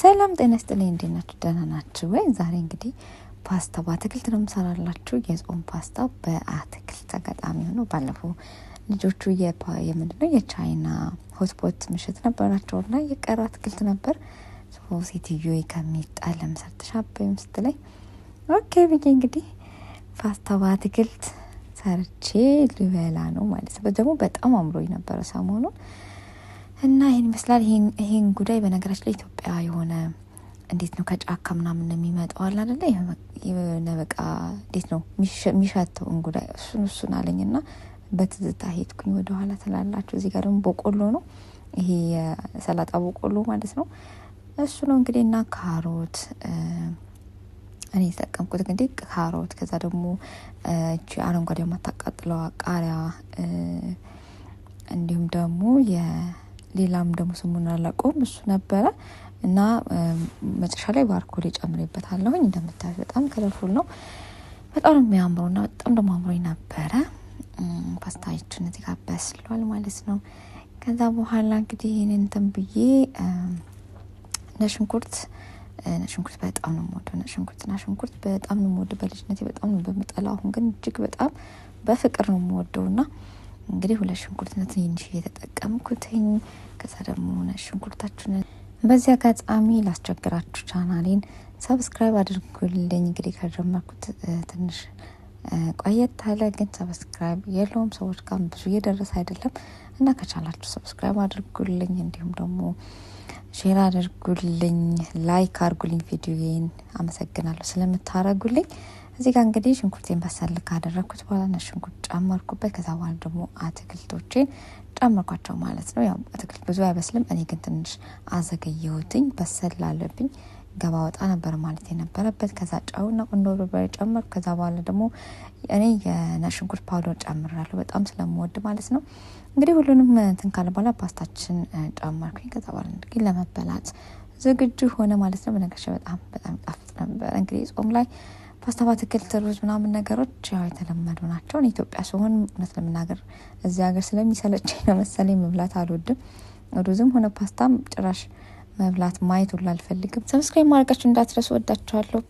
ሰላም ጤና ስጥልኝ። እንዴት ናችሁ? ደህና ናችሁ ወይ? ዛሬ እንግዲህ ፓስታ በአትክልት ነው የምሰራላችሁ። የጾም ፓስታ በአትክልት አጋጣሚ ሆኖ ባለፈው ልጆቹ የምንድነው የቻይና ሆትፖት ምሽት ነበራቸው እና የቀረ አትክልት ነበር። ሴትዮ ከሚጣለም ሰርተሻበይም ስትለኝ ኦኬ ብዬ እንግዲህ ፓስታ በአትክልት ሰርቼ ልበላ ነው ማለት ነው። ደግሞ በጣም አምሮኝ ነበረ ሰሞኑን እና ይህን ይመስላል። ይህን ጉዳይ በነገራችን ላይ ኢትዮጵያ የሆነ እንዴት ነው ከጫካ ምናምን የሚመጣው አለ አይደለ? የሆነ በቃ እንዴት ነው የሚሸተው እንጉዳይ እሱን እሱን አለኝ እና በትዝታ ሄድኩኝ ወደኋላ ትላላችሁ። እዚህ ጋር ደግሞ በቆሎ ነው ይሄ የሰላጣ በቆሎ ማለት ነው። እሱ ነው እንግዲህ እና ካሮት እኔ የተጠቀምኩት እንግዲህ ካሮት፣ ከዛ ደግሞ እቺ አረንጓዴ የማታቃጥለዋ ቃሪያ እንዲሁም ደግሞ ሌላም ደግሞ ስሙን አላቀውም እሱ ነበረ እና መጨረሻ ላይ ባርኮሌ ጨምሬበታለሁኝ። እንደምታዩት በጣም ከለርፉል ነው። በጣም ነው የሚያምረው ና በጣም ደግሞ አምሮ ነበረ። ፓስታችን እዚህ ጋር በስሏል ማለት ነው። ከዛ በኋላ እንግዲህ ይህንን እንትን ብዬ ነሽንኩርት ሽንኩርት በጣም ነው ወደ ነሽንኩርት ና ሽንኩርት በጣም ነው ወደ በልጅነት በጣም ነው በምጠላው። አሁን ግን እጅግ በጣም በፍቅር ነው የምወደው ና እንግዲህ ሁለት ሽንኩርት ነው ትንሽ እየተጠቀምኩትኝ። ከዛ ደግሞ ሆነ ሽንኩርታችሁን በዚህ አጋጣሚ ላስቸግራችሁ ቻናሌን ሰብስክራይብ አድርጉልኝ። እንግዲህ ከጀመርኩት ትንሽ ቆየት አለ፣ ግን ሰብስክራይብ የለውም ሰዎች ጋር ብዙ እየደረሰ አይደለም እና ከቻላችሁ ሰብስክራይብ አድርጉልኝ፣ እንዲሁም ደግሞ ሼር አድርጉልኝ፣ ላይክ አድርጉልኝ ቪዲዮዬን። አመሰግናለሁ ስለምታረጉልኝ። እዚህ ጋር እንግዲህ ሽንኩርቴን በሰል ካደረግኩት በኋላ ነጭ ሽንኩርት ጨመርኩበት። ከዛ በኋላ ደግሞ አትክልቶቼን ጨመርኳቸው ማለት ነው። ያው አትክልት ብዙ አይበስልም፣ እኔ ግን ትንሽ አዘገየሁትኝ በሰል ላለብኝ ገባ ወጣ ነበር ማለት የነበረበት። ከዛ ጨውና ቁንዶ በርበሬ ጨመርኩ። ከዛ በኋላ ደግሞ እኔ የነጭ ሽንኩርት ፓውደር ጨምራለሁ በጣም ስለምወድ ማለት ነው። እንግዲህ ሁሉንም እንትን ካለ በኋላ ፓስታችን ጨመርኩኝ። ከዛ በኋላ እንግዲህ ለመበላት ዝግጁ ሆነ ማለት ነው። በነገሻ በጣም በጣም ጣፍጥ ነበር እንግዲህ ጾም ላይ ፓስታ በአትክልት ሩዝ ምናምን ነገሮች ያው የተለመዱ ናቸው። እኔ ኢትዮጵያ ሲሆን እውነት ለምናገር እዚህ ሀገር ስለሚሰለቸኝ ነው መሰለኝ መብላት አልወድም። ሩዝም ሆነ ፓስታም ጭራሽ መብላት ማየት ሁላ አልፈልግም። ሰብስክራይብ ማድረጋችሁ እንዳትረሱ። ወዳችኋለሁ።